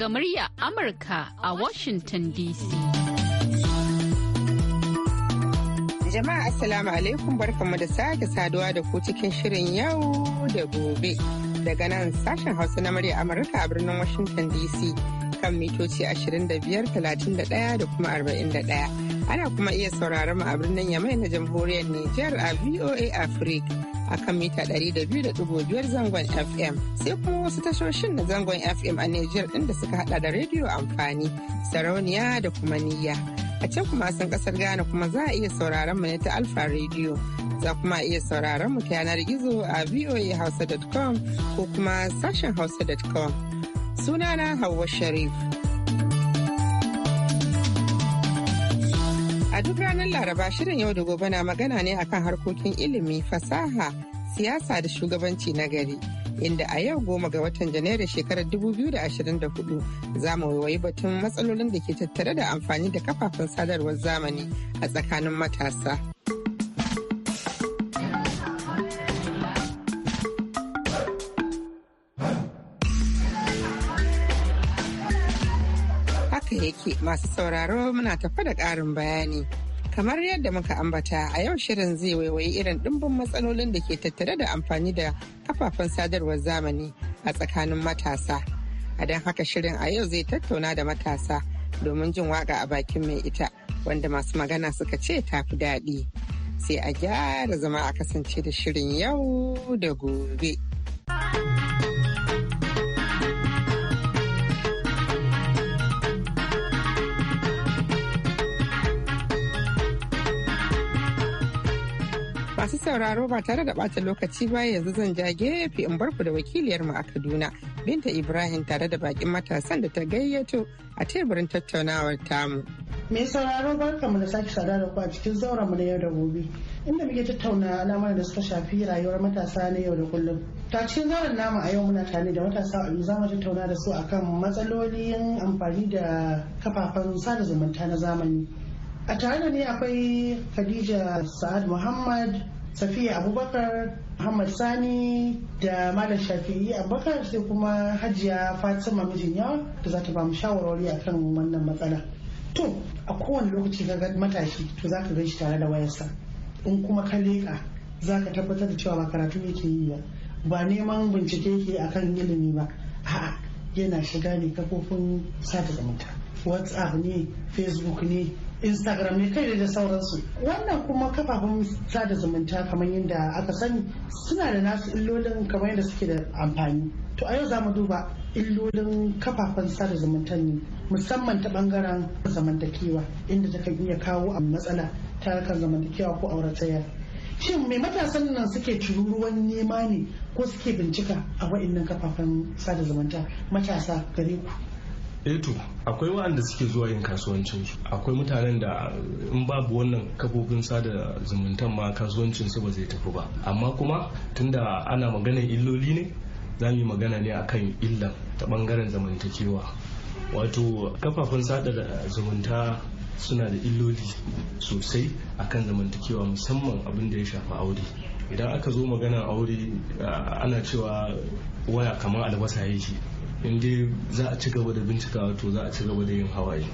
daga murya Amurka a Washington DC. Jama'a Assalamu alaikum barkanmu da sake saduwa da ku cikin shirin yau da gobe. Daga nan sashen Hausa na murya Amurka a birnin Washington DC kan mitoci 25, 31 da kuma 41. Ana kuma iya sauraron mu a birnin Yamai na jamhuriyar Nijar a VOA Africa. a kan mita 200.5 zangon FM sai kuma wasu tashoshin na zangon FM a Nijar ɗin da suka hada da rediyo amfani, sarauniya da kuma niyya. A can kuma sun kasar Ghana kuma za a iya sauraron mu ne ta Alfa rediyo Za kuma iya sauraron mu ta yanar gizo a voahausa.com ko kuma sashen hausa.com. Sunana Hauwa Sharif. A duk ranar Laraba shirin yau da gobe na magana ne a kan harkokin ilimi, fasaha, siyasa da shugabanci na gari. Inda a yau goma ga watan Janairu shekarar 2024 za mu waiwayi batun matsalolin da ke tattare da amfani da kafafen sadarwar zamani a tsakanin matasa. masu sauraro muna tafa da ƙarin bayani. Kamar yadda muka ambata a yau shirin zai waiwayi irin ɗimbin matsalolin da ke tattare da amfani da kafafen sadarwar zamani a tsakanin matasa. A don haka shirin a yau zai tattauna da matasa domin jin waka a bakin mai ita wanda masu magana suka ce ta fi daɗi. Sai a gyara zama a kasance da shirin yau da gobe. sauraro ba tare da bata lokaci ba yanzu zan ja gefe in barku da wakiliyar mu a Kaduna Binta Ibrahim tare da bakin matasan da ta gayyato a teburin tattaunawar tamu. Mai sauraro barka mu da sake sada da ku a cikin zauren mu na yau da gobe inda muke tattauna al'amuran da suka shafi rayuwar matasa na yau da kullum. Ta cikin zauren namu a yau muna tare da matasa a yau zamu tattauna da su akan matsalolin amfani da kafafen sada zumunta na zamani. A tare da ni akwai Khadija Sa'ad Muhammad safiya abubakar muhammad sani da malam shafi'i abubakar sai kuma hajiya fatima mijin yawa da za ta ba mu shawarwari akan wannan matsala to a kowane lokaci ka matashi to za ka shi tare da wayarsa in kuma ka leƙa za ka tabbatar da cewa ba karatu yake yi ba ba neman bincike ke yake akan ilimi ba a'a yana shiga ne kafofin sada zumunta whatsapp ne facebook ne instagram ne kai da sauransu wannan kuma kafafen sada zumunta kamar yadda aka sani suna da nasu illolin kamar yadda suke da amfani to a yau za mu duba illolin kafafen sada zumunta ne musamman ta bangaren zamantakewa inda ta kan iya kawo a matsala ta harkar zamantakewa ko auratayya shin mai matasan nan suke tururuwan nema ne ko suke bincika a wa'annan kafafen sada zumunta matasa gare ku eto eh akwai waɗanda suke zuwa yin kasuwancin su akwai mutanen da in babu wannan kafofin sada zumunta ma kasuwancin su ba zai tafi ba amma kuma tunda ana maganar illoli ne za mu yi magana ne akan illan ta bangaren zamantakewa wato kafafen sada zumunta suna da illoli sosai akan zamantakewa musamman abin da ya shafi aure idan aka zo magana aure ana cewa waya kamar albasa yake in dai za a ci gaba da bincika to za a ci gaba da yin hawaye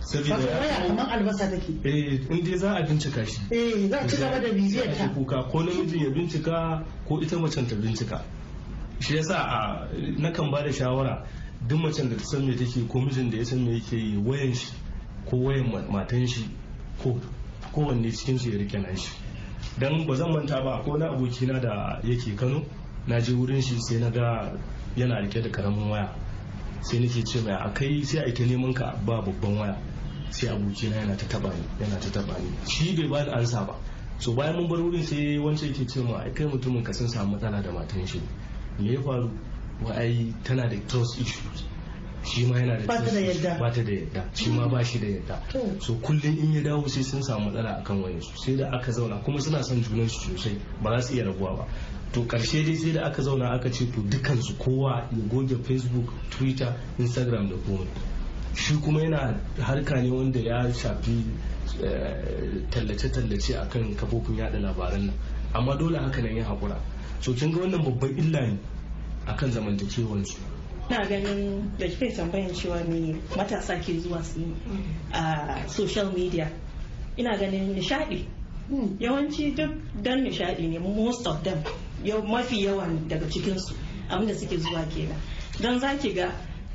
saboda kamar albasa take eh in dai za a bincika shi eh za a ci gaba da bibiyar kuka ko namijin ya bincika ko ita macen ta bincika shi yasa a nakan ba da shawara duk macen da ta san me take ko mijin da ya san me yake yi wayan shi ko wayan matan shi ko kowanne cikin su ya rike nan shi dan ba zan manta ba ko na abokina da yake Kano na je wurin shi sai na ga yana rike da karamin waya sai nake ce mai kai sai a ita neman ka ba babban waya sai abokina yana ta taba ni yana ta taba ni shi bai da ansa ba so bayan mun bar wurin sai wancan yake ce ma kai mutumin ka sun samu matsala da matan shi me ya faru wa tana da trust issues shi ma yana da trust issues yadda ba ta da yadda shi ma ba shi da yadda so kullum in ya dawo sai sun samu matsala akan wayansu sai da aka zauna kuma suna son junan su sosai ba za su iya rabuwa ba to karshe dai sai da aka zauna aka ce to dukansu kowa ya goge facebook twitter instagram da kuma shi kuma yana harka ne wanda ya shafi eh, tallace-tallace a kan kafofin yada labaran nan amma dole haka nan ya haƙura so kin ga wannan babban illa ne akan zamantakewansu na ganin da kai tambayan cewa me matasa ke zuwa su a social media ina ganin nishadi hmm. yawanci duk don nishadi ne most of them yau mafi yawan daga cikinsu abinda suke zuwa kenan don za ki ga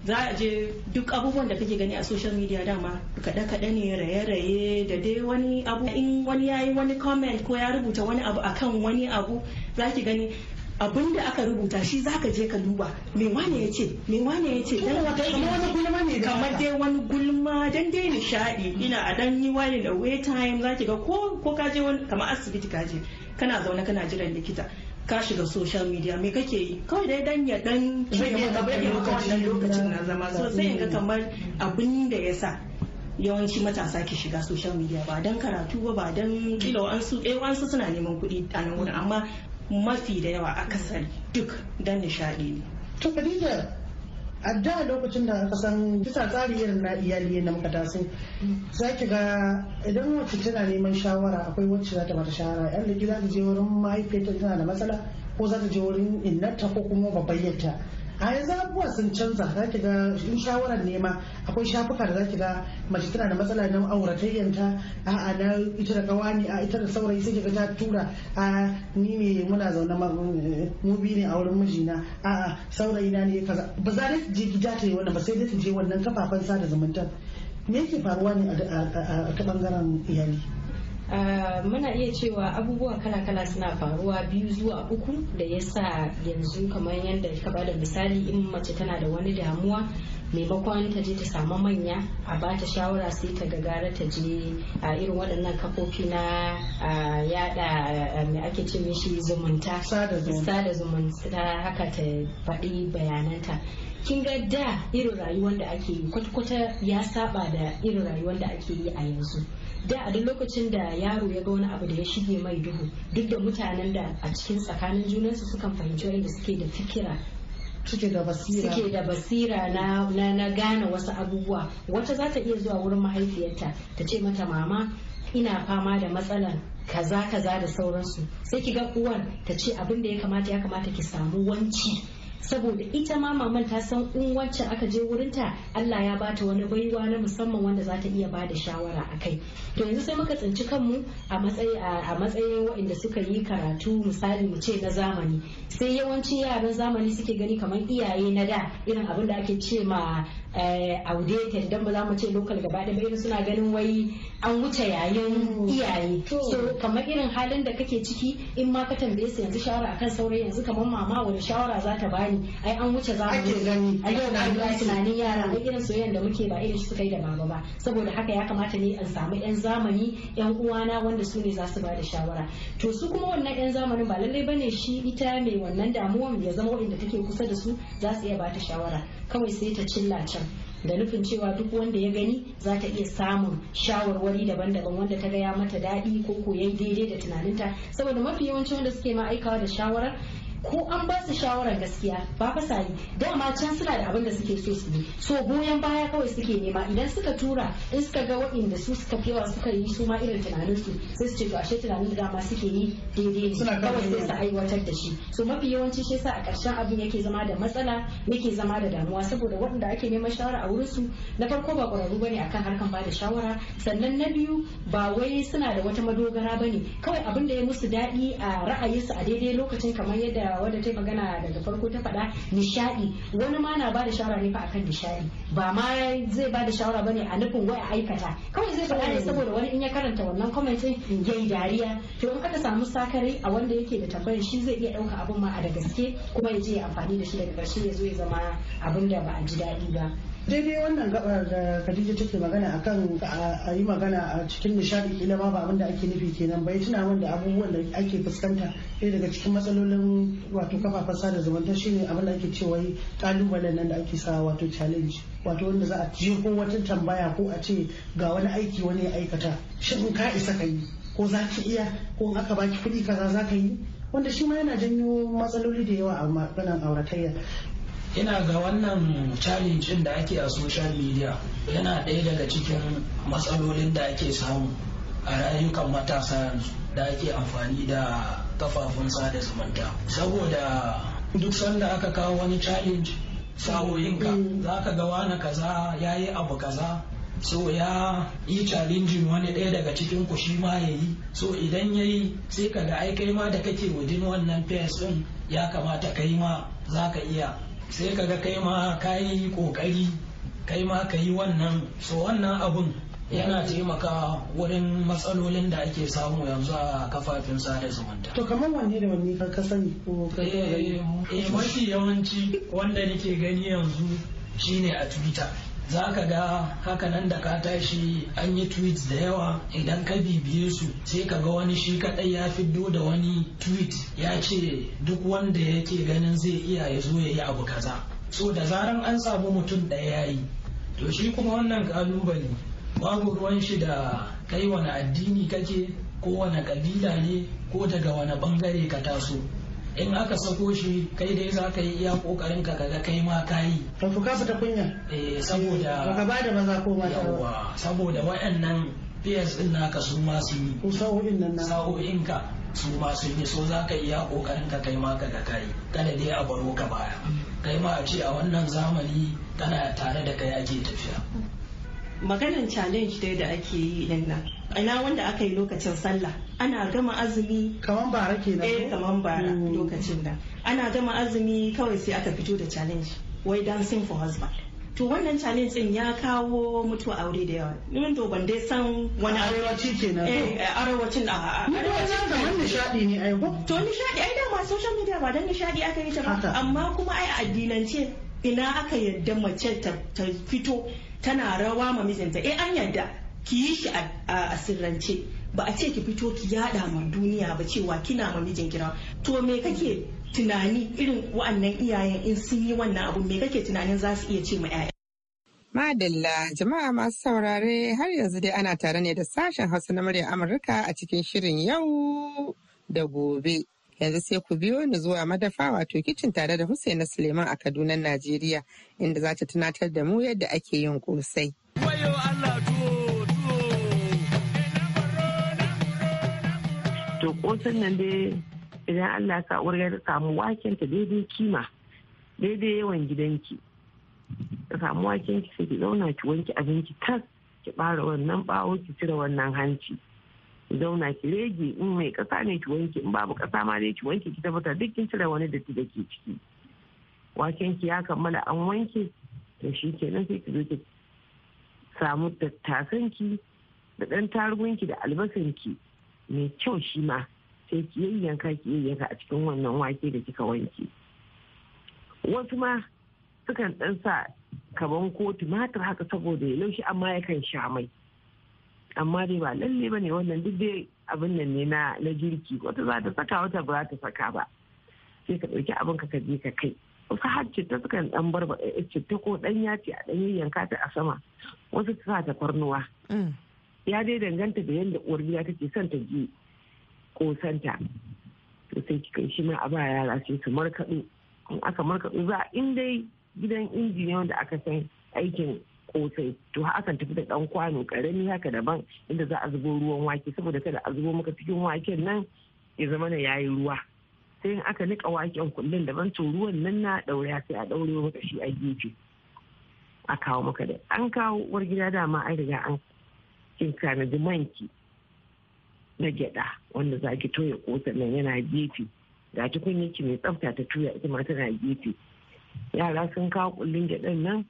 za a je duk abubuwan da kake gani a social media dama kaɗe-kaɗe ne raye-raye da dai wani abu in wani ya yi wani comment ko ya rubuta wani abu akan wani abu za ki gani abin da aka rubuta shi za ka je ka duba me wane ya ce me wane ya ce gulma ne kamar dai wani gulma dan dai nishaɗi ina a dan yi wani da way time zaki ga ko ko ka je wani kamar asibiti ka je kana zaune kana jiran likita ka shiga social media me kake yi kawai dai dan ya dan rage maka wannan lokacin na zama so sai ga kamar abin da ya sa yawanci matasa ke shiga social media ba dan karatu ba ba dan kila an su eh suna neman kuɗi a nan wurin amma mafi da yawa akasari duk dan nishadi ne to Khadija a da lokacin da aka san bisa tsari irin na iyali na tasi za ki ga idan wacce tana neman shawara akwai wacce za ta mata shawara yan da gida ta je wurin mahaifiyarta tana da matsala ko za ta je wurin innarta ko kuma babayyarta a yanzu abubuwa sun canza za ki ga in shawarar nema akwai shafuka da za ki ga mace tana da matsala na auratayyanta a a na ita da ne a ita da saurayi sai ga ta tura a ni ne muna zaune mu bi ne a wurin mijina a a saurayi na ne kaza ba za ta je gida ta yi wannan ba sai dai ta je wannan kafafen sada zumunta me yake faruwa ne a ta bangaren iyali Eh, muna iya cewa abubuwa kala-kala suna faruwa biyu zuwa uku da ya sa yanzu kamar yadda ka bada misali in mace tana da wani damuwa maimakon ta je ta samu manya a ba ta shawara sai ta gagara ta je a irin waɗannan kafofi na yada mai ake ce mishi zumunta sada zumunta haka ta faɗi bayananta kin ga da irin rayuwar da ake yi kwata ya saba da irin rayuwar da ake yi a yanzu da a duk lokacin da yaro ya ga wani abu da ya shige mai duhu duk da mutanen da a cikin tsakanin junansu sukan fahimci wanda suke da fikira suke da basira suke da basira na na, gane wasu abubuwa wata za ta iya zuwa wurin mahaifiyarta ta ce mata mama ina fama da matsalar kaza kaza da sauransu sai ki ga uwar ta ce abin da ya kamata ya kamata ki samu wanci saboda ita ma maman ta san in wacce aka je wurinta Allah ya bata wani baiwa na musamman wanda za ta iya bada shawara a kai to yanzu sai muka tsinci kanmu a matsayi a matsayin waɗanda suka yi karatu misali mu ce na zamani sai yawancin yaran zamani suke gani kamar iyaye na da irin abin da ake ce ma outdated eh, don ba za mu ce local gaba da irin suna ganin wai an wuce yayin iyaye so kamar irin halin da kake ciki in ma ka tambaye su yanzu shawara akan saurayi yanzu kamar mama wani shawara za ta bani ai an wuce za mu gani a yau na yi tunanin yara ai irin soyayya da muke ba irin suka yi da baba ba saboda haka ya kamata ne an samu yan zamani yan uwana wanda su ne za su ba da shawara to su kuma wannan yan zamanin ba lallai bane shi ita mai wannan damuwan ya zama wanda take kusa da su za su iya ba ta shawara kawai sai ta cilla can da nufin cewa duk wanda ya gani za ta iya samun shawarwari daban-daban wanda ta gaya mata daɗi ko koyan daidai da tunaninta saboda mafi yawanci wanda suke ma'aikawa da shawarar ko an ba su shawarar gaskiya ba fa sani dama can suna da abin da suke so su yi so goyon baya kawai suke nema idan suka tura in suka ga waɗanda su suka kewa suka yi su ma irin tunanin su sai su ce to ashe tunanin da dama suke yi daidai ne kawai sai su aiwatar da shi so mafi yawanci shi yasa a ƙarshen abin yake zama da matsala yake zama da damuwa saboda waɗanda ake neman shawara a wurin su na farko ba ƙwararru bane akan harkan ba da shawara sannan na biyu ba wai suna da wata madogara bane kawai abin da ya musu daɗi a ra'ayinsu a daidai lokacin kamar yadda da wadda ta magana daga farko ta faɗa nishaɗi wani ma na bada shawara ne fa akan nishaɗi ba ma zai bada shawara bane a nufin waya aikata kawai zai faɗa ne saboda wani in ya karanta wannan kwamitin ya yayi dariya to in aka samu sakari a wanda yake da tambayar shi zai iya ɗauka abin ma a da gaske kuma ya je ya amfani da shi daga ƙarshe ya zo ya zama abin da ba a ji daɗi ba daidai wannan gabar da Khadija take magana akan a yi magana a cikin nishadi kila ma ba abin da ake nufi kenan bai tuna min da abubuwan da ake fuskanta ɗaya daga cikin matsalolin wato kafafen sada zumunta shine abin da ake cewa kalubalen nan da ake sa wato challenge wato wanda za a ko wata tambaya ko a ce ga wani aiki wani ya aikata shin ka isa ka yi ko za ki iya ko in aka baki kuɗi kaza za ka yi wanda shi ma yana janyo matsaloli da yawa a maganar auratayya ina ga wannan challenge da ake a social media yana ɗaya daga cikin matsalolin da ake samu a rayukan matasa yanzu da ake amfani da kafafun sada zumunta saboda duk sanda aka kawo wani challenge sawoyinka mm. za ka ga wani kaza ya yi abu kaza so ya yi challenge wani ɗaya daga cikin ku shi ma ya yi so idan ya yi sai ka ga aikai ma da kake wajen wannan fes ɗin ya kamata kai ma za ka iya sai kaga kai ma ka yi kokari kai ma ka yi wannan so wannan abun yana taimaka wurin matsalolin da ake samu yanzu a kafafen sada zumunta. To kamar wani da wani ka sani ko eh, eh, mafi yawanci wanda nake gani yanzu shine a Twitter. za ka ga hakanan da ka tashi an yi tweets da yawa idan ka bibiye su sai ka ga wani shi kadai ya fiddo da wani tweet ya ce duk wanda yake ganin zai iya ya zo ya yi abu kaza so da zaran an samu mutum ɗaya ya yi to shi kuma wannan kalubale babu ruwan shi da kai wani addini kake ko wani kabila ne ko daga wani bangare ka taso in aka sako shi kai dai za ka yi iya kokarin ka kaga kai ma ka yi to ka fita kunya eh saboda ka ba da maza ko mata yawa saboda wayannan PS din naka su ma sun yi ko sa'o'in nan sa'o'in ka su ma sun yi so za ka iya kokarin ka kai ma kaga ka yi kada dai a baro ka baya kai ma a ce a wannan zamani tana tare da kai ake tafiya maganan challenge dai da ake yi din nan ina wanda aka yi lokacin sallah ana gama azumi kaman bara kenan eh kaman bara hmm. lokacin da ana gama azumi kawai sai aka fito da challenge wai dancing for husband to wannan challenge din ya kawo mutuwa aure da yawa Mun to ban dai san wani arewaci kenan eh, eh arewacin ah, ah, a arewacin kamar nishadi ne ai to nishadi ai dama social media ba dan nishadi aka yi ta ba amma kuma ai addinance ina aka yadda mace ta fito tana rawa ma mijinta eh an yadda ki yi shi a asirrance ba a ce ki fito ki yada ma duniya ba cewa kina ma mijin kira to me kake tunani irin wa'annan iyayen in sun yi wannan abu me kake tunanin za su iya ce ma 'ya'ya Madalla jama'a masu saurare har yanzu dai ana tare ne da sashen hausa na murya Amurka a cikin shirin yau da gobe. Yanzu sai ku biyo ni zuwa madafa wato kicin tare da hussaina Suleiman a Kaduna, Najeriya, inda za ta tunatar da mu yadda ake yin kosai. To kosan nan dai idan Allah ka ya samu waken ta daidai kima, daidai yawan gidanki. Ka samu waken ki sai ki zauna ki wanke abinci tas ki bara wannan bawo ki cire wannan hanci. zauna ki rege in mai kasa ne ki wanke in babu kasa ma dai ki wanke ki tabbatar duk kin cire wani datti da ke ciki waken ki ya kammala an wanke to shi kenan sai ki zo ki samu tattasan ki da dan tarugun ki da albasan ki mai kyau shi ma sai ki yayyanka ki yayyanka a cikin wannan wake da kika wanke wasu ma sukan dan sa kaban ko tumatir haka saboda ya laushi amma ya kan sha mai amma dai ba lalle ba ne wannan duk dai abin nan ne na jirki girki wata za ta saka wata ba za ta saka ba sai ka ɗauki abin ka ka je ka kai wasu har citta sukan ɗan barba eh, citta ko ɗan yaci a dan yayyanka ta a sama wasu su sa ta farnuwa mm. ya dai danganta da yadda uwar gida take son ta ji kosanta to sai kai shi ma a ba yara sai su markaɗo in aka markaɗo za in dai gidan injiniya wanda aka san aikin kosai to akan tafi da dan kwano karami haka daban inda za a zubo ruwan wake saboda kada a zubo maka cikin waken nan ya zama na yayi ruwa sai in aka nika waken kullun daban to ruwan nan na daura sai a daure maka shi a gefe a kawo maka da an kawo uwar gida dama an riga an kin manki na gyada wanda za ki toya kosan nan yana gefe ga ki mai tsafta ta tuya ita ma tana gefe yara sun kawo kullun gyadan nan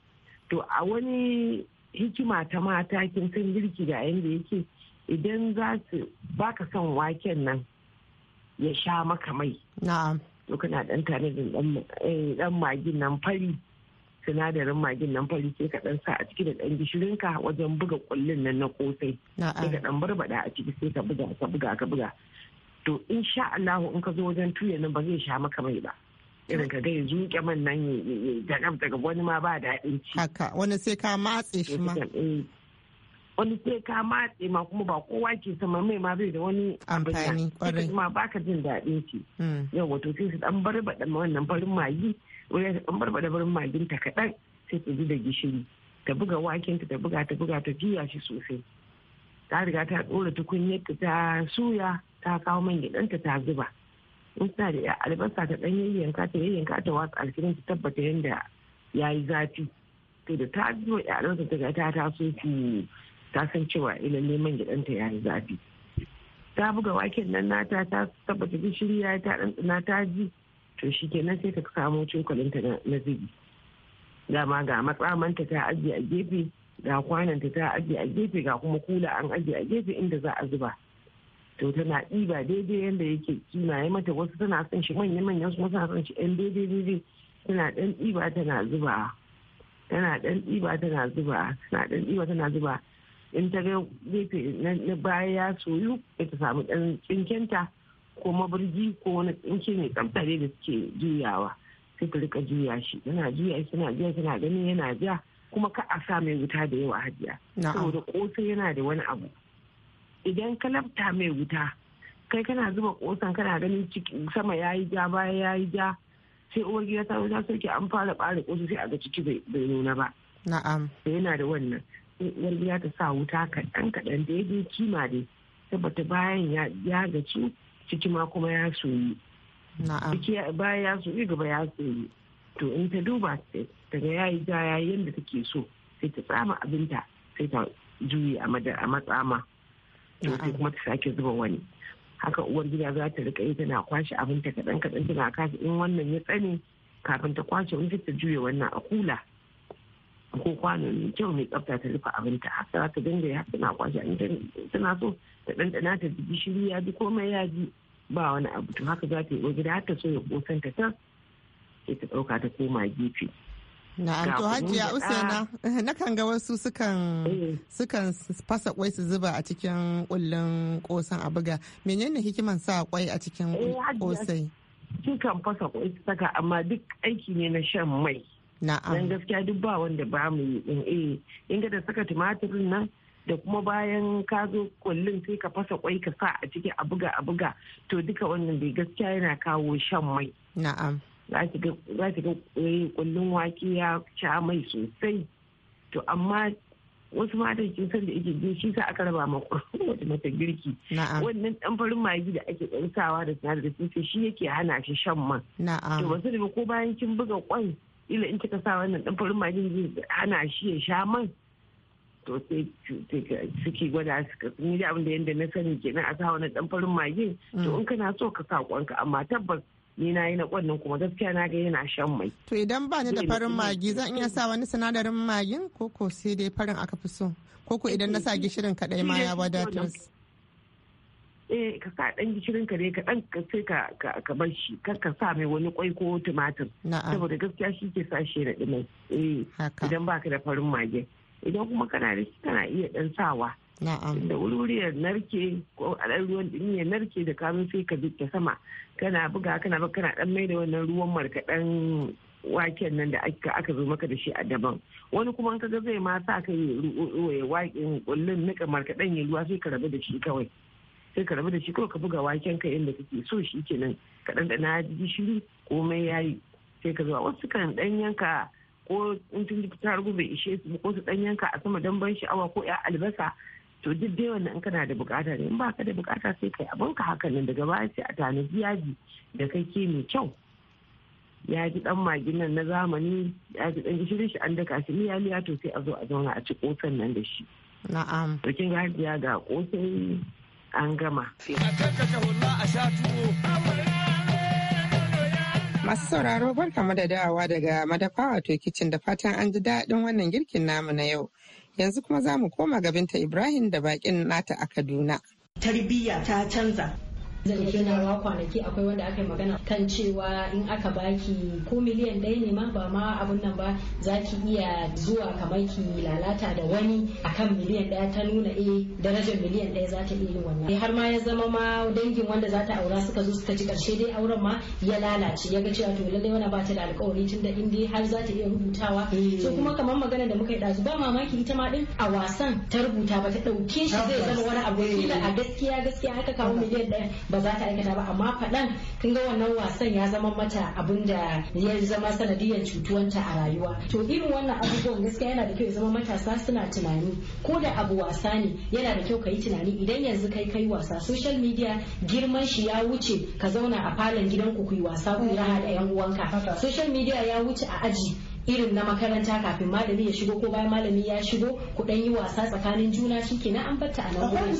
to a wani hikima ta mata kin san girki ga da yake idan za su baka son waken nan ya sha maka mai to kana dan tanadin dan eh, magin nan fari sinadarin magin nan fari sai ka dan sa a ciki da dan gishirin ka wajen buga kullun nan na kosai sai ka dan barbada a ciki sai ka buga ka buga ka buga to insha Allah in ka zo wajen tuya nan ba zai sha maka mai ba irin ka gani zuke man nan daga daga wani ma ba daɗin ci haka wani sai ka matse shi ma wani sai ka eh, matse ma kuma ba kowa ke sama mai ma bai da wani amfani kwarai ba ka jin daɗin ci. Hmm. yau wato sai su dan barbada wannan barin magi wani bar baɗa barin magin ta kaɗan sai su da gishiri ta buga waken ta buga ta buga ta juya shi sosai ta riga ta ɗora tukunyar ta suya ta kawo man gidanta ta zuba in suna da albasa ta ɗan yayyanka ta yayyanka ta watsa alkinin ta tabbata yadda ya yi zafi to da ta zo ya ta ga ta taso ki ta san cewa ilan eh, neman gidanta ya yi zafi ta buga waken nan nata ta tabbata gishiri ya yi ta tsina ta ji to shi kenan sai ta samo cokalinta na zubi dama ga matsamanta ta ajiye a gefe ga kwananta ta ajiye a gefe ga kuma kula an ajiye a gefe inda za a zuba to tana ɗiba daidai yadda yake kima ya mata wasu tana son shi manya manyan su suna son shi yan daidai tana ɗan ɗiba tana zuba tana dan diba tana zuba tana dan diba tana zuba in ta ga gefe na baya ya soyu ta samu ɗan tsinkenta ko mabirgi ko wani tsinke mai tsafta dai da suke juyawa sai ta rika juya shi tana juya shi tana juya tana ganin yana ja kuma ka a sa mai wuta da yawa hajiya saboda kosai yana da wani abu idan ka lamta mai wuta kai kana zuba kosan kana ganin sama ya yi ja baya ya yi ja sai uwar gida ta wuta sarki an fara bare kosu sai a ga ciki bai nuna ba na'am yana da wannan uwar gida ta sa wuta kaɗan kaɗan da ya je kima dai tabbata bayan ya gaci ciki ma kuma ya soyi ciki bayan ya soyi gaba ya soyi to in ta duba daga ya yi ja ya yadda take so sai ta tsama abinta sai ta juyi a matsama in kuma ta sake zuba wani haka uwar gida za ta rika yi tana kwashe abin ta kaɗan kaɗan tana kasa in wannan ya tsani kafin ta kwashe in ta juya wannan a kula ko kwano mai kyau mai tsafta ta rufe ta haka za ta dinga ya tana kwashe tana so ta ɗanɗana ta ji gishiri ya ji komai ya ji ba wani abu to haka za ta yi gida har ta so ya kosan ta ta sai ta ɗauka ta koma gefe Na'am to hajiya Usaina nakan ga wasu sukan eh. sukan fasa kwai su zuba a cikin kullun kosan a buga. Menene hikiman sa kwai a cikin kosai? Eh, Kikan fasa kwai su saka amma duk aiki ne na shan mai. Na'am. gaskiya duk ba wanda ba mu yi in eh in ga da saka tumatirin nan da kuma bayan ka zo kullun sai ka fasa kwai ka sa a cikin a buga a buga to duka wannan bai gaskiya yana kawo shan mai. Na'am. za ki ga eh, kullun wake ya sha mai sosai to amma wasu matan kin san da ake biyu shi sa aka raba ma wata mata girki wannan dan farin magi da ake tsarsawa da sinadarin sai shi yake hana shi shan man to wasu da ko bayan kin buga kwan ila in kika sa wannan dan farin magi hana shi ya sha man to sai suke gwada suka ni da abin da yanda na sani kenan a sa wannan dan farin magi to mm. in kana so ka sa kwanka amma tabbas ni na yi na kwannan kuma gaskiya na ga yana shan mai. To idan ba ni da farin magi zan iya sa wani sinadarin magin ko ko sai dai farin aka fi so ko ko idan na sa gishirin kaɗai ma ya wadatar. eh ka sa dan gishirin ka ne ka dan sai ka ka bar shi kar ka sa mai wani kwai ko tumatir saboda gaskiya shi ke sa shi da mai eh idan baka da farin mage idan kuma kana da shi kana iya dan sawa da wuri ya narke ko a ɗan ruwan ɗin ya narke da kamun sai ka ta sama kana buga kana ba kana ɗan mai da wannan ruwan markaɗen waken nan da aka zo maka da shi a daban wani kuma ka ga zai ma sa ka yi waken kullun nika markaɗen ya ruwa sai ka rabu da shi kawai sai ka rabu da shi kawai ka buga waken ka yadda kake so shi kenan ka ko gishiri komai yayi sai ka zuwa wasu kan ɗan yanka ko in tun ta rugu bai ishe su ko su ɗan yanka a sama don ban sha'awa ko ya albasa to duk dai wannan in kana da bukata ne in baka da bukata sai kai abin ka hakan nan daga baya sai a tanaji yaji da kai ke mai kyau ya ji dan maginan na zamani ya ji dan gishirin shi an daka shi miya miya to sai a zo a zauna a ci kosan nan da shi na'am to kin ga ya ga kosai an gama masu sauraro barkamu da dawowa daga madafa wato kicin da fatan an ji daɗin wannan girkin namu na yau Yanzu kuma za mu koma gabinta Ibrahim da bakin nata a Kaduna. Tarbiyya ta canza zan yi tunawa kwanaki akwai wanda aka yi magana kan cewa in aka baki ko miliyan ɗaya ne ma ba ma abun nan ba za ki iya zuwa kamar ki lalata da wani akan miliyan ɗaya ta nuna eh darajar miliyan ɗaya za ta iya yin wannan eh, har ma ya zama ma dangin wanda za ta aura suka zo suka ci karshe dai auren ma ya lalace ya ga cewa to lallai wani ba ta da alƙawari tun da in dai har za ta iya rubutawa eh. so kuma kamar magana da muka yi ɗazu ba mamaki ita ma ɗin a wasan ta rubuta ba ta ɗauke shi zai zama wani abu eh. kila a gaskiya gaskiya haka kawo miliyan ɗaya ba za ta aikata ba amma faɗan kin ga wannan wasan ya zama mata abun da ya zama sanadiyar cutuwanta a rayuwa to irin wannan abubuwan gaskiya yana da kyau ya zama matasa suna tunani ko da abu wasa ne yana da kyau ka yi tunani idan yanzu kai kai wasa social media girman shi ya wuce ka zauna a falon gidanku ku yi wasa ku yi raha da yan uwanka social media ya wuce a aji irin na makaranta kafin malami ya shigo ko bayan malami ya shigo ku dan yi wasa tsakanin juna shi kenan an batta a nan gurin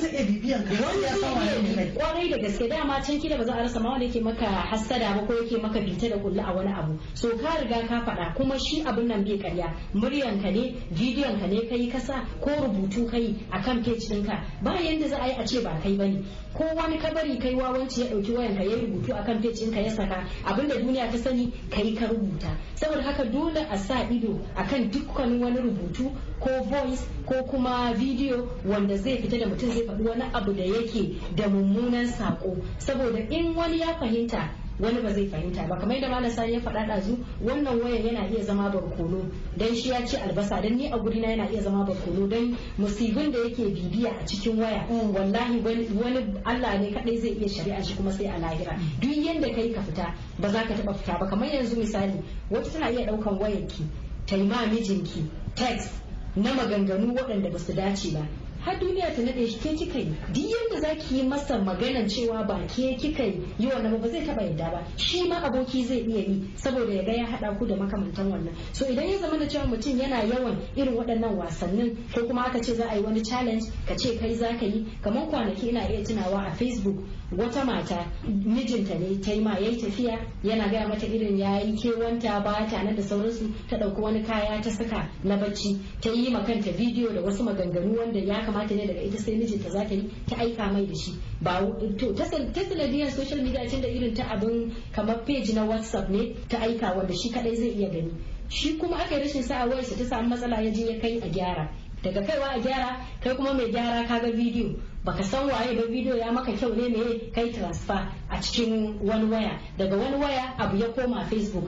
kwarai da gaske dama can da ba za a rasa ma wanda yake maka hassada ba ko yake maka bita da kullu a wani abu so ka riga ka faɗa kuma shi abin nan bai karya muryan ka ne bidiyon ka ne kai kasa ko rubutu kai akan page ɗinka ba yanda za a yi a ce ba kai bane ko wani kabari kai wawanci ya dauki wayan ka ya rubutu akan page ɗinka ya saka abinda duniya ta sani kai ka rubuta saboda haka dole a sa ido a kan dukkan wani rubutu ko voice ko kuma video wanda zai fita da mutum zai faɗi wani abu da yake da mummunan saƙo saboda in wani ya fahimta wani ba zai fahimta ba kamar yadda malam sani ya faɗa ɗazu wannan wayan yana iya zama barkono dan shi ya ce albasa dan ni a guri na yana iya zama barkono dan musibin da yake bibiya a cikin waya wallahi wani Allah ne kadai zai iya shari'a shi kuma sai a lahira duk yanda kai ka fita ba za ka taba fita ba kamar yanzu misali wata tana iya ɗaukan wayanki ta yi ma mijinki text na maganganu waɗanda ba su dace ba har duniya ta nade shi ke kika yi duk yadda za ki yi masa maganan cewa ba ke kika yi yi wannan ba zai taba yadda ba shi ma aboki zai iya yi saboda ya ga ya hada ku da makamantan wannan so idan ya zama da cewa mutum yana yawan irin waɗannan wasannin ko kuma aka ce za a yi wani challenge ka ce kai za ka yi kamar kwanaki ina iya tunawa a facebook wata mata mijinta ne ta yi ma yayi tafiya yana gaya mata irin yi kewanta ba ta nan da sauransu ta ɗauki wani kaya ta saka na bacci ta yi ma kanta bidiyo da wasu maganganu wanda ya kamata ne daga ita sai mijinta za ta yi ta aika mai da shi ba to ta sanadiyar social media tun da irin ta abin kamar page na whatsapp ne ta aika wanda shi kadai zai iya gani shi kuma aka yi rashin sa'a wayarsa ta samu matsala ya je ya kai a gyara daga kaiwa a gyara kai kuma mai gyara ka ga bidiyo baka san waye ba bidiyo ya maka kyau ne me kai transfer a cikin wani waya daga wani waya abu ya koma facebook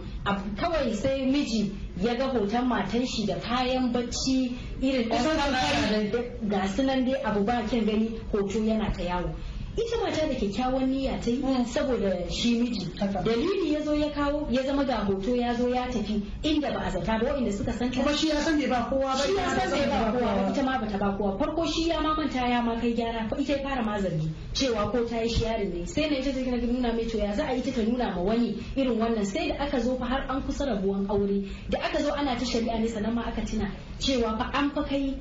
kawai sai miji ya ga hoton matan shi da kayan bacci irin ɗan ga sunan dai abu ba kin gani hoto yana ta yawo ita mata da kyakkyawan niyya ta yi hmm. saboda shi miji dalili ya zo ya kawo ya zama ga hoto ya zo ya tafi inda ba a zata ba waɗanda suka san kuma shi ya san bai ba kowa ba shi ya san bai ba kowa ba ita ma bata ba kowa farko shi ya ma manta ya ma kai gyara ko ita ya fara ma zargi cewa ko ta yi shi yarin ne sai na ita ta nuna mai to ya za a yi ta nuna ma wani irin wannan sai da aka zo fa har an kusa rabuwan aure da aka zo ana ta shari'a ne sannan ma aka tuna cewa fa an fa kai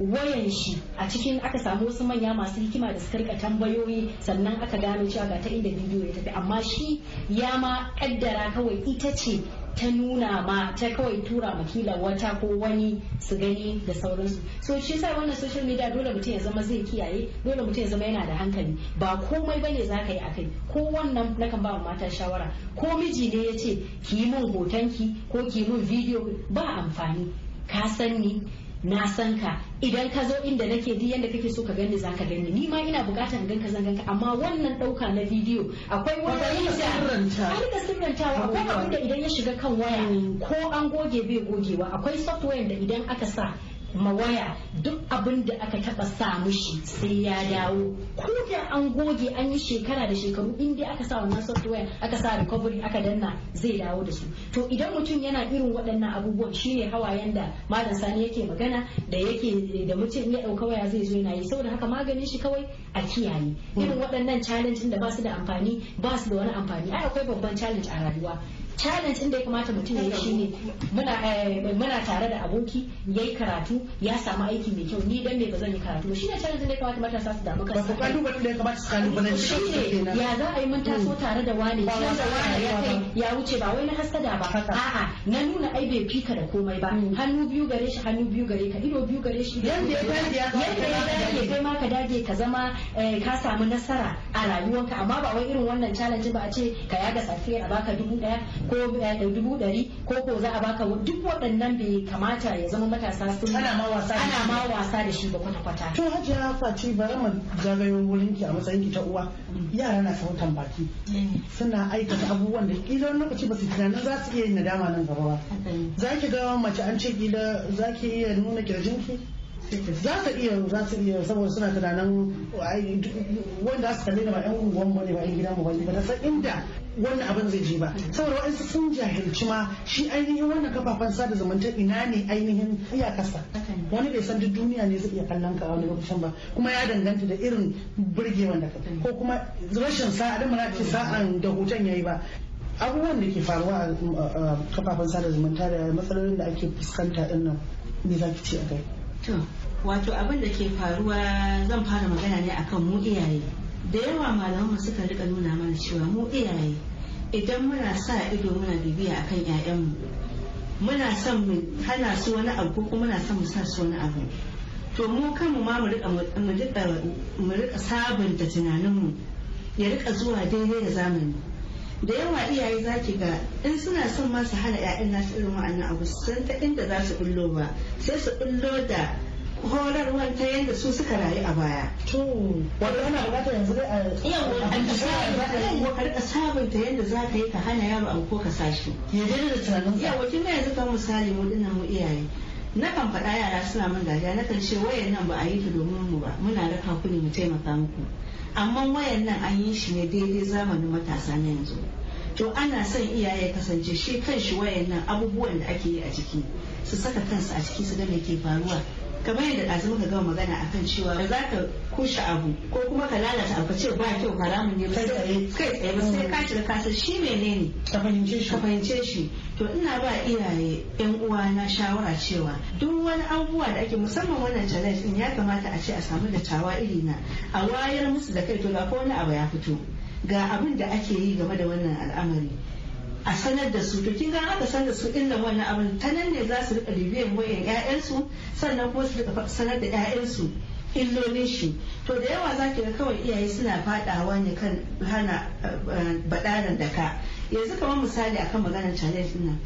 wayan shi a cikin aka samu wasu manya masu hikima da suka rika tambayoyi sannan aka gano cewa ga ta inda bidiyo ya tafi amma shi ya ma kaddara kawai ita ce ta nuna ma ta kawai tura makila wata ko wani su gani da sauransu so shi sa wannan social media dole mutum ya zama zai kiyaye dole mutum ya zama yana da hankali ba komai bane za ka yi akai ko wannan na kan ba mata shawara ko miji ne ya ce ki yi min hotonki ko ki yi min bidiyo ba amfani ka san ni na san ka idan ka zo inda nake duk yanda kake so ka gani za ka gani ni ma ina bukatar gan ka zanganka amma wannan dauka na bidiyo akwai wani da an akwai abinda idan ya shiga kan waya ko an goge bai gogewa akwai software da idan aka sa waya duk abin da aka taba sa shi sai ya dawo ko da an goge an yi shekara da shekaru inda aka sa wannan software aka sa recovery aka danna zai dawo da su to idan mutum yana irin waɗannan abubuwan shine hawayen da malam sani yake magana da yake da mutum ya ɗauka waya zai zo yana yi saboda haka maganin shi kawai a kiyaye irin waɗannan challenge da ba su da amfani ba su da wani amfani ai akwai babban challenge a rayuwa challenge inda ya kamata mutum ya yi shi ne eh, muna tare da aboki ya yi karatu ya samu aiki mai kyau ni dan ne ba zan yi karatu shi ne challenge inda ya kamata matasa su damu kansu ba ku kalubalen da ya kamata su kalubalen shi ne ya za a yi mun taso tare da wani da wani ya kai ya wuce ba wai na da ba a'a na nuna ai bai fika da komai ba mm. hannu biyu gare shi hannu biyu gare ka ido biyu gare shi yadda ya dage kai ma ka dage ka zama eh, ka samu nasara a rayuwanka amma ba wai irin wannan challenge ba a ce ka yaga safiya a baka dubu daya ko eh, dubu ɗari ko ko za a baka duk waɗannan bai kamata ya zama matasa sun ana ma wasa ana ma da shi ba kwata kwata to hajiya faci bari mu zagayo wurin ki a matsayin ki ta uwa mm. yara na sautan baki mm. suna aikata abubuwan da kila lokaci ba su tunanin za su iya yin nadama nan gaba ba za ki ga mace an ce kila za ki iya nuna kirjinki za ta iya za ta iya saboda suna tunanin wanda su kalli da ba 'yan unguwan mu ne ba 'yan gidan mu ba ta san inda wannan abin zai je ba saboda waɗansu sun jahilci ma shi ainihin wannan kafafen sada zumunta ina ne ainihin iyakarsa wani bai san duk duniya ne zai iya kallon ka wani lokacin ba kuma ya danganta da irin burgewan da ko kuma rashin sa'a da mana ce sa'an da hoton yayi ba abubuwan da ke faruwa a kafafen sada zumunta da matsalolin da ake fuskanta din nan me za ki ce a kai wato abin da ke faruwa zan fara magana ne akan mu iyaye da yawa malamanmu suka rika nuna mana cewa mu iyaye idan muna sa ido muna bibiya akan 'ya'yanmu muna son mu hana su wani abu ko muna son mu sa su wani abu to mu kanmu ma mu rika sabunta tunaninmu ya rika zuwa daidai da zamani da yawa iyaye za ki ga in suna son masu hana 'ya'yan nasu irin wa'annan abu san ta inda za su bullo ba sai su bullo da horarwar ta yadda su suka rayu a baya. Wanda ana bukatar yanzu dai a yawa a rika sabunta yadda za ka yi ka hana yaro abu ko ka sashi. Ya je da tunanin sa. Yawa kin ga yanzu kan misali mu dinnan mu iyaye. Na kan faɗa yara suna min dariya na kan ce wayan nan ba a yi ta domin mu ba muna raka ku ne mu taimaka muku. Amma wayan nan an yi shi ne daidai zamanin matasa na yanzu. to ana son iyaye kasance shi kan shi wayan nan abubuwan da ake yi a ciki su saka kansu a ciki su ga me ke faruwa kamar da ɗazu ka gama magana a kan cewa ba za ka kushe abu ko kuma ka lalata abu ce ba kyau haramun ne ba kai tsaye ba sai ka shiga kasar shi menene ka fahimce shi ka fahimce shi to ina ba iyaye yan uwa na shawara cewa duk wani abubuwa da ake musamman wannan challenge din ya kamata a ce a samu dattawa iri na a wayar musu da kai to ga ko wani abu ya fito ga abin da ake yi game da wannan al'amari a sanar da su to kin ga aka sanar da su illan wannan abin ta nan ne za su rika bibiyan wayan 'ya'yansu sannan kuma su rika sanar da su illolin shi to da yawa za ki ga kawai iyaye suna fadawa ne kan hana eh, baɗaran da ka yanzu kamar misali akan maganar challenge din nan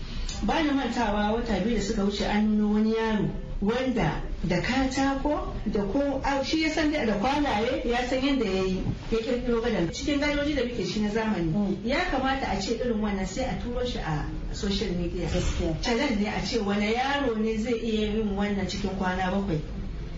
ba ni mantawa wata biyu da suka wuce an nuno wani yaro wanda da katako da ko shi ya san da kwalaye ya san yadda ya yi ya kirkiro gadon cikin gadoji da muke shi na zamani mm. ya kamata a ce irin wannan sai a turo shi a social media challenge ne a ce wani yaro ne zai iya yin wannan cikin kwana bakwai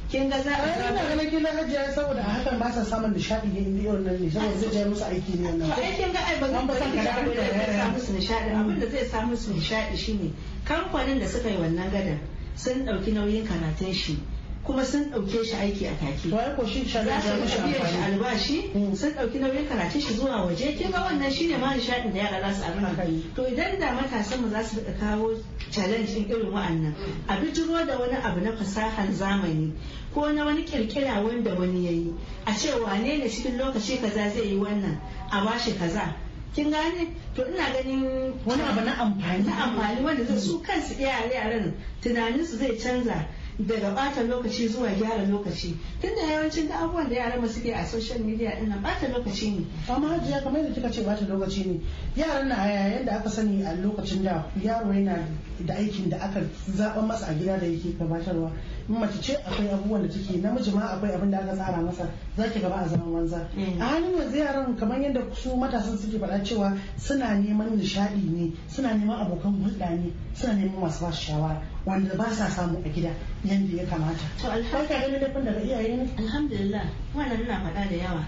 kin ga za a ina ganin kila hajiya saboda a hakan ba sa samun nishadi ne inda yau nan ne saboda zai jaye musu aiki ne wannan sai kin ga ai ba zan ba san kada da zai samu su nishadi abin da zai samu su nishadi shine kamfanin da suka yi wannan gadan sun ɗauki nauyin karatun shi kuma sun ɗauke shi aiki a take. Wai ko shi da mishi amfani. albashi hmm. sun ɗauki nauyin karatun shi zuwa waje kin ga wannan shine ma nishaɗin da yara za su amfana. To idan da matasan mu za su riƙa kawo challenge din irin wa'annan a bijiro da wani abu na fasahan zamani ko na wani kirkira wanda wani ya yi a ce wane ne cikin lokaci kaza zai yi wannan a bashi kaza kin gane to ina ganin wani abu na amfani na amfani wanda su kansu yaran tunaninsu zai canza daga bata lokaci zuwa gyara lokaci tunda yawancin da abubuwan da yaran suke a social media ina nan bata lokaci ne amma hajiya kamar yadda kika ce bata lokaci ne yaran na haya da aka sani a lokacin da yaro yana da aikin da aka zaɓa masa a gida da yake gabatarwa mace ce akwai abubuwan da take namiji ma akwai abin da aka tsara masa zaki gaba a zaman wanza mm. a halin yanzu yaran kamar yadda su matasan suke faɗa cewa suna neman nishaɗi ne suna neman abokan hulɗa ne suna neman masu ba shawara wanda ba sa samu a gida yadda ya kamata. To alhamdulillah ganin daga Alhamdulillah wannan na faɗa da yawa.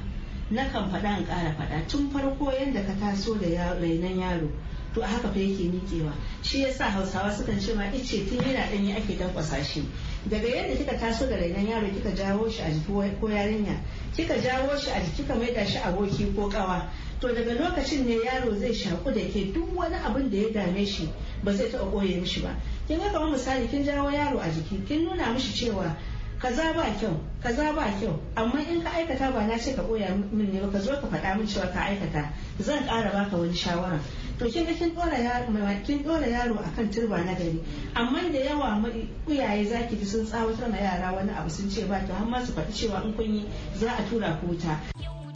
na kan faɗa in ƙara faɗa tun farko yadda ka taso da rainan yaro. to a haka fa yake miƙewa shi ya sa hausawa sukan ce ma ice tun yana ɗanyi ake dankwasa shi daga yadda kika taso da rainan yaro kika jawo shi a jiki ko yarinya kika jawo shi a jiki kika maida shi aboki ko ƙawa to daga lokacin ne yaro zai shaku da ke duk wani abin da ya dame shi ba zai taɓa ɓoye mishi ba kin ga kamar misali kin jawo yaro a jiki kin nuna mishi cewa kaza ba kyau kaza ba kyau amma in ka aikata ba na ce ka koya min ne ba ka zo ka faɗa min cewa ka aikata zan ƙara baka wani shawara to kin ga kin dora yaro kin dora yaro akan turba na gari amma da yawa kuyaye zaki ji sun tsawatar ma yara wani abu sun ce ba to har ma su faɗi cewa in kun yi za a tura ku wuta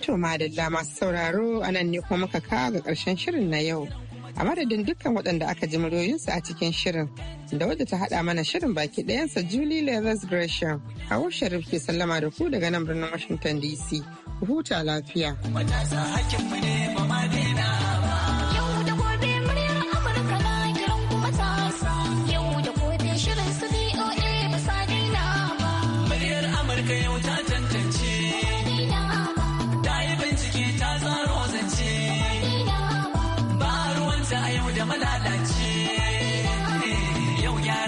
to madalla masu sauraro anan ne kuma muka kawo ga karshen shirin na yau a madadin dukkan waɗanda aka ji muryoyinsu a cikin shirin da wadda ta haɗa mana shirin baki ɗayansa julie leathers gresham hawa sharif ke sallama da ku daga nan birnin washington dc huta lafiya.